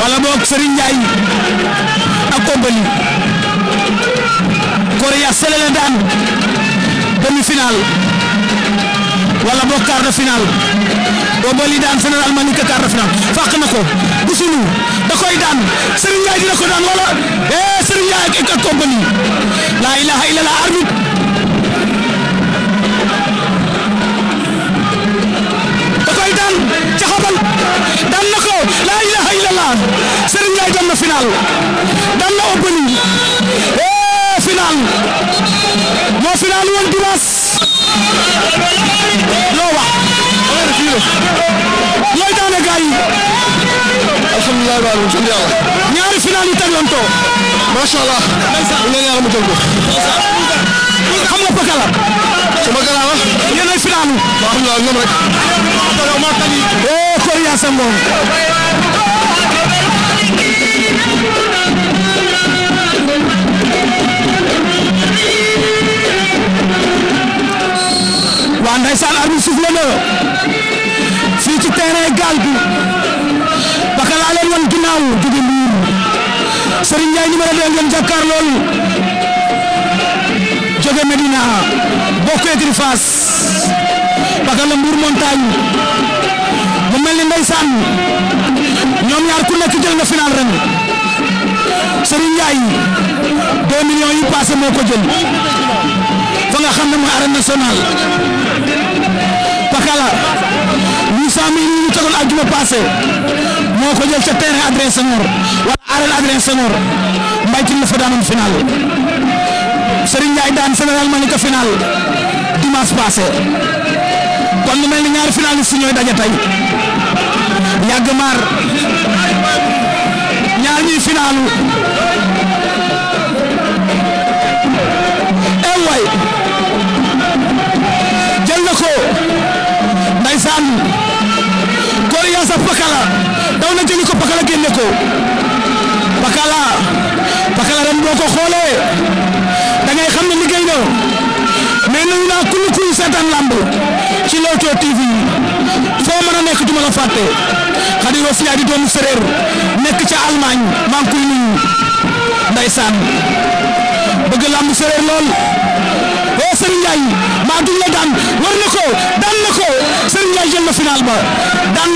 wala boog Serigne Ndiaye ak compagnie Korya Sele la daan demi-finale wala boog quart de finale Obali daan général Malika quart de finale fàq na ko Busulu da koy daan Serigne Ndiaye dina ko daan wala eh Serigne Ndiaye ak compagnie la ilaha illallah arbitre Ndiaye dem na final daan na opening eh, final moo final woon dimanche loo wax looy daane gars yi alhamdulilah baal ma sant yàlla ñaari final yi teglantoo macha allah ñu ne yàlla mu jël ko xam nga Pakala sama garawa yéen ay final waaw ñoom rek Koria eh, Sambong ah ndeysaan arbitre fii ci terrain gaal bi parce que laa leen wan ginnaaw jóge Mbuur Serigne Ndiaye numéro 2 ngeen jàkkaar loolu jóge Medina bokk écurie Fass parce la Mbuur montagne mu mel ni ndeysaan ñoom ñaar ku nekk jël na final ren Serigne Ndiaye 2 millions yu passé moo ko jël fa nga xam ne mooy arène nationale. Kala 800000 yi ñu tegoon àjjuma passé moo ko jël ca terrain Adrien Senghor wala arène Adrien Senghor mbay ci la fa daanoon final Serigne Ndiaye daan général Malika final dimanche passé kon lu ni ñaari finaliste ñooy daje yàgg maar ñaar ñuy finalu. sax Pakala daw na jëli ko Pakala génne ko Pakala Pakala ren boo ko xoolee da xam ne liggéey na mais nuyu naa kulli kuy seetaan lamb ci Leewtoo TV foo mën a nekk du ma la fàtte Khady Rose Ndiaye di doomu séréer nekk ca Allemagne maa ngi koy nuyu ndeysaan bëgg lamb lool. Serigne Ndiaye maa du la daan war na ko daan na ko Serigne Ndiaye jël na final ba daan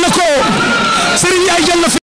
na ko